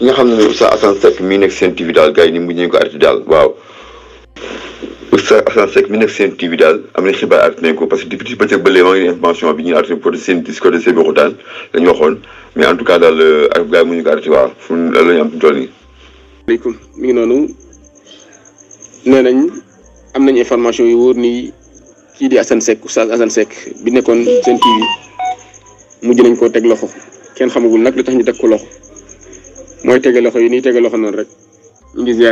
ki nga xam ne Oustaz Assane Seck mi nekk seen TV daal gars yi ni mujj nañu ko daal waaw nekk seen TV daal am na xibaar arrêté nañu ko parce que depuis bëccëg ba léegi maa ngi information bi ñu arrêté côté seen côté seen waxtaan la ñu mujj ko mi ngi noonu nee nañ am nañ information yu wóor ni kii di Assane Seck Oustaz Assane bi nekkoon seen TV mujj nañ koo teg loxo kenn xamagul nag lu tax ñu teg ko loxo. mooy tege loxo yi nii tege loxo noonu rek ñu ngi